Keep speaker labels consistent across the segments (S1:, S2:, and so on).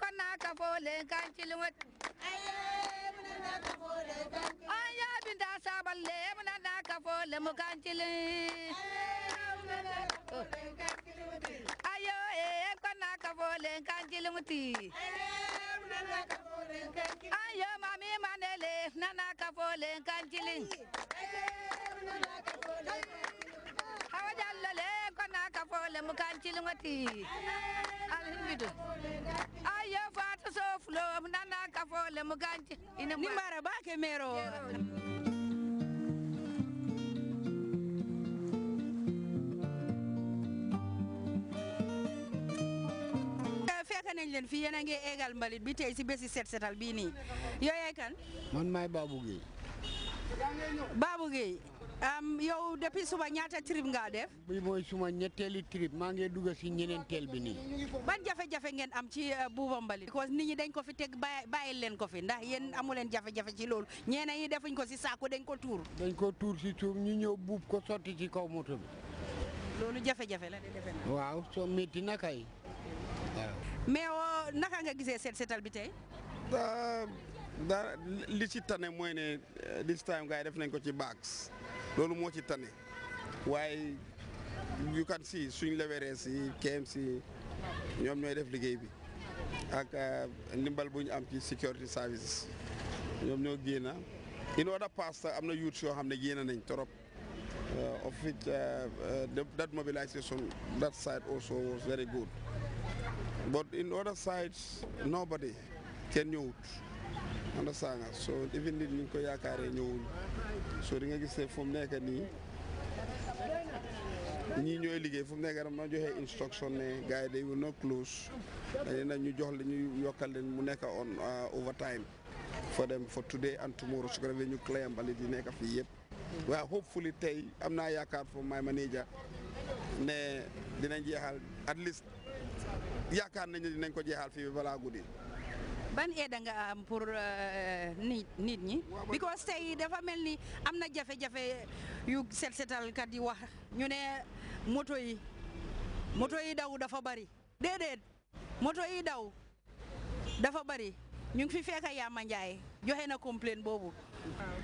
S1: kona ka fole kan Ayo, an ya bin da Ayo, muna na ka fole ayo e kona ka fole ayo mami na na ka Ayo, kan cilin hawa jallale Ayo, ka fole mu kan lemo ganci ina nimbara ba ke mero eh, fekk nañ leen fi yéen a ngi égal mbalit bi tey si bési set setal bii nii yooyee kan
S2: man maay Babou Gueye
S1: Babou Gueye yow depuis suba ñaata trip nga def. bi mooy suma ñetteeli trip maa ngi dugg si ñeneenteel bi nii. ban jafe-jafe ngeen am ci uh, Buuba Mbalit. parce que nit ñi dañ ko fi teg bàyyi leen ko fi ndax yéen amu leen jafe-jafe ci loolu ñeneen yi defuñ ko si saako dañ ko tuur.
S2: dañ ko tuur si suuf ñu ñëw buub ko sotti ci kaw moto bi.
S1: loolu jafe-jafe la de defe naa.
S2: waaw soo métti na kay.
S1: mais uh, naka nga gisee seet seetal bi tey.
S2: da da tane mooy ne uh, this time gars def nañ ko ci bags. loolu moo ci tane waaye you can see suñ leverees yi KMC ñoom ñooy def liggéey bi ak uh, ndimbal bu am ci security services ñoom ñoo génn in order past am na youth yoo xam ne génn nañ trop uh, of which uh, that mobilization that side also was very good but in other sides nobody can ñëwut understand so even nit ñu ko yaakaaree ñëwuñ so di nga gis ne fu mu nekk nii ñii ñooy liggéey fu mu nekk a joxe instruction ne gars yi day no close dañu na ñu jox li ñu yokkal leen mu nekk on uh, overtime for them for today and tomorrow su ko defee ñu claim balit yi nekk fii yëpp waaw hopefully tey am naa yaakaar for my manager ne dinañ jeexal at least yaakaar nañ ne dinañ ko jeexal fii balaa guddi
S1: ban aide nga am pour euh, nit nit ñi because tey dafa mel ni am na jafe-jafe yu set setalkat yi wax ñu ne moto yi moto yi daw dafa bari déedéet moto yi daw dafa bari ñu ngi fi fekk Yaama Ndiaye joxe na complaint
S2: boobu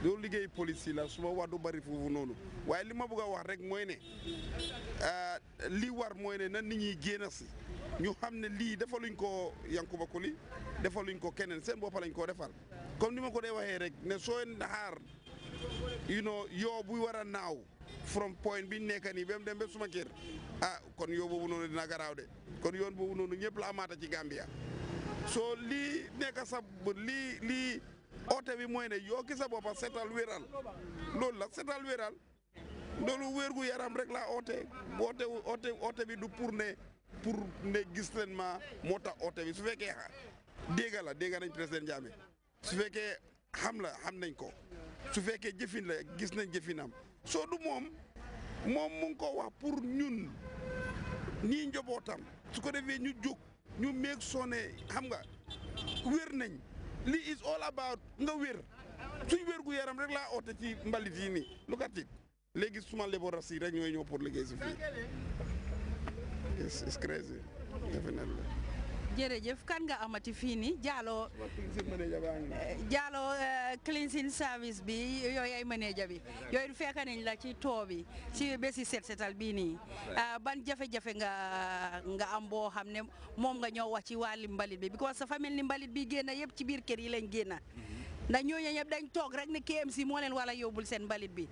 S2: loolu liggéey police yi la suma wax du bari foofu noonu waaye li ma bëgg a wax rek mooy ne euh, li war mooy ne na nit ñi génn si ñu xam ne lii defaluñ ko Yankuba Koli defaluñ ko keneen seen bopp lañ koo defal comme ni ma ko dee waxee rek ne soo xaar you know yoo bu war a naaw from point biñ nekk nii ba mu dem ba suma kër ah kon yoo boobu noonu dina garaaw de kon yoon boobu noonu ñëpp la amaata ci Gambia soo lii nekk sa lii lii oote bi mooy ne yoo ki sa boppa setal wéral loolu la setal wéral loolu wér gu yaram rek la oote oote oote oote bi du pour ne pour ne gis leen ma moo tax oote bi su fekkee dégga la dégga nañ président Jammeh su fekkee xam la xam nañ ko su fekkee jëfin la gis nañ jëfinam soo du moom moom mu ko wax pour ñun nii njobootam su ko defee ñu jóg ñu meeg soone xam nga wér nañ li is all about nga wér suñ wér gu yaram rek laa oote ci mbalit yi nii lu kat it léegi suma léborasi rek ñooy ñëw pour liggéey si it's, it's crazy,
S1: kan nga amati fii nii Jallow Jallow eh, cleansing service bi yooyu ay manager bi yooyu fekka nañ la ci too bi si bési set setal bii nii eh, ban jafe-jafe nga nga am boo xam ne moom nga ñoo wax ci wàlli mbalit bi because dafa mel ni mbalit bi génn yëpp ci biir kër yi lañ génn ndax ñooñu ñëpp dañ toog rek ne KMC moo leen war yóbbul seen mbalit bi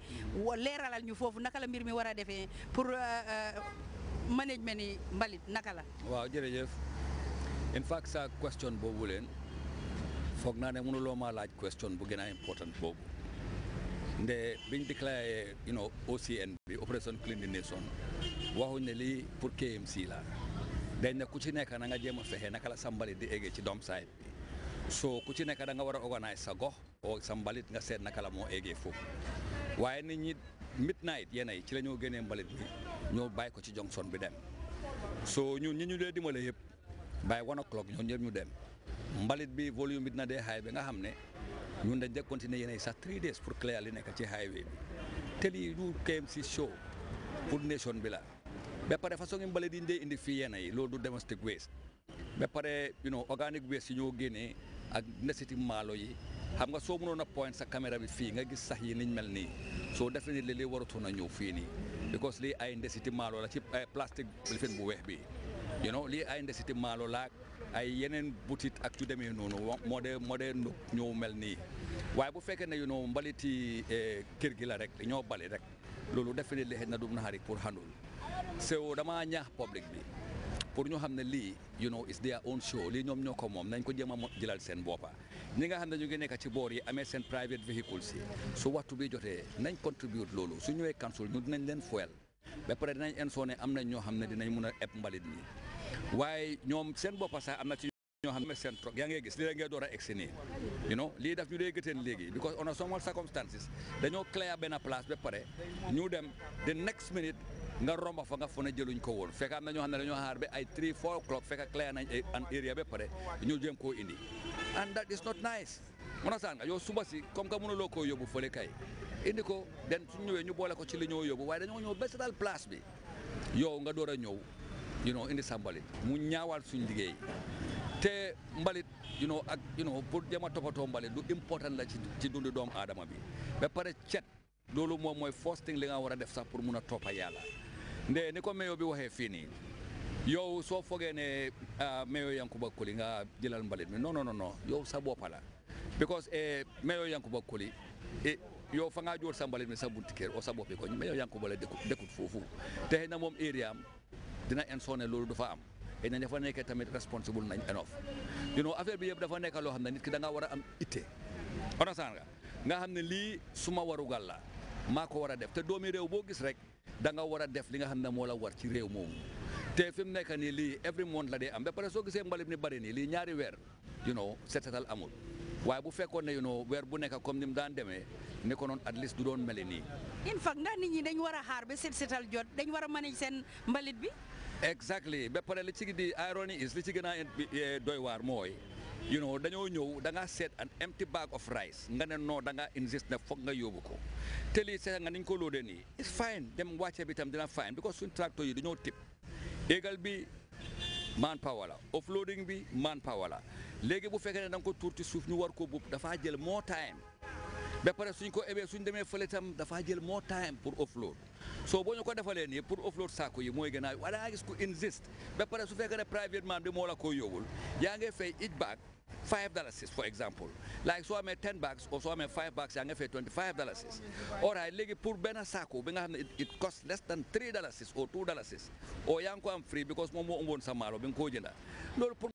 S1: leeralal ñu foofu naka la mbir mi war a defee eh, management yi mbalit naka la.
S3: waaw jërëjëf in fact sa question boobu leen foog naa ne mënuloo maa laaj question bu gën a important boobu nde biñ déclaré OCN bi Operation Clean the Nation waxuñ ne li pour KMC la dañ ne ku ci nekk na nga jéem a fexe naka la sa mbalit di eggee ci doom side bi so ku ci nekk danga war a organise sa gox o sa mbalit nga seet naka la moo eggee foofu waaye nit ñi midnight yenn yi ci lañoo ñoo génnee mbalit bi ñoo bàyyi ko ci Johnson bi dem so ñun ñi ñu dee dimbale yëpp bàyyi one o'clock ñoo ñëpp ñu dem mbalit bi volume bi na dee xaay bi nga xam ne ñun dañ de continuer yenn yi sax three days pour clear li nekk ci highway bi te lii du KMC show pour nation bi la ba pare façon mbalit yi ñu dee indi fii yenn yi loolu du domestic waste ba pare you know organic waste yi ñoo génnee ak necessity maalo yi xam nga soo na a point sa caméra bi fii nga gis sax yi niñ mel nii soo defee ni lii waratoon na ñëw fii nii because lii ay ndesiti maalo la ci ay plastique lifin bu weex bi you know lii ay ndesiti maalo la ay yeneen butit ak yu demee noonu moo dee moo dee mel ni waaye bu fekkee ne you know mbaliti eh, kër gi la rek ñoo bali rek loolu defe ne li xëy na du naxari pour handul so damaa ñaax public bi pour ñu xam ne you know is their own show lii ñoom ñoo ko moom nañ ko jéem a jëlal seen boppa ñi nga xam ne ñu ngi nekk ci boor yi amee seen private vehicles So su waxtu bi jotee nañ contribute loolu su ñëwee council ñu dinañ leen fuel ba pare dinañ insoné am nañ ñoo xam ne dinañ mun a eb mbalit nii waaye ñoom seen boppa sax am na ci ñoo xam ne seen trop yaa ngi gis lii ngay door a egsi you know lii daf ñu dee gëteen léegi because on a normal circumstances dañoo clear benn place ba pare ñu dem the next minute nga romba fa nga fone jëluñ ko woon fekk am ñoo xam ne dañoo xaar ba ay 3 4 o'clock fekk clear nañ eh, an area ba pare ñu jéem koo indi and that is not nice mun a nga yow suba si comme que mënuloo koo yóbbu fële kay indi ko den su ñu boole ko ci li ñoo yóbbu waaye dañoo ñëw bés daal place bi yow nga door a ñëw you indi sa mbalit mu ñaawal suñ liggéey te mbalit you know ak you know pour jéem a toppatoo mbalit lu important la ci dundu doom aadama bi ba pare cet loolu moom mooy first thing li nga war a def sax pour mun a toppa yàlla nde ni ko meyo bi waxee fii nii yow soo fogee ne ah, meyo Yankuba Koli nga jëlal mbalit mi non non non yow sa boppa la because eh, meyo Yankuba Koli eh, yow fa ngaa jóor sa mbalit mi sa bunti kër o sa boppi ko meyo Yankuba la dëkkut foofu te xëy na moom area am dina en sonné loolu du am xëy na dafa nekkee tamit responsible nañ enof you know affaire bi yëpp dafa nekka loo xam ne nit ki da ngaa war am itte onasan nga nga xam ne lii suma warugal la maa ko war a def te doomi réew boo gis rek danga nga war a def li nga xam ne moo la war ci réew moom te fi mu nekk nii lii every month la dee am ba pare soo gisee mbalit mi ni nii lii ñaari weer you know set setal amul waaye bu fekkoon ne you know weer bu nekk comme ni mu daan demee ne ko noonu at least du doon meli nii.
S1: in fact ndax nit ñi dañ war a xaar ba set setal jot dañ war a mën seen mbalit bi.
S3: exactly ba pare li ci di irony is li ci gën a eh, doy waar mooy. you know dañoo ñëw da ngaa seet an empty bag of rice nga ne non da ngaa insist ne foog nga yóbbu ko te lii seet nga niñ ko loodee nii it's fine dem wàcce bi tam dina fine because suñ tracteur yi dañoo tip égal bi man power la offloading bi man power la léegi bu fekkee ne da ko tuur suuf ñu war ko buub dafaa jël moo time ba pare suñ ko ebee suñ demee fële tam dafaa jël more time pour offload soo boo ñu ko defalee nii pour offload saako yi mooy gën a wala nga gis ku insist ba pare su fekkee ne private man bi moo la ko yóbbul yaa ngi fay each bag five dollars for example like soo amee ten bags or soo amee five bags yaa ngi fay twenty five dollars all right léegi pour benn saako bi nga xam ne it or two dollars or yaa ngi free because moom moo ëmboon sa maalo bi nga koo jënda loolu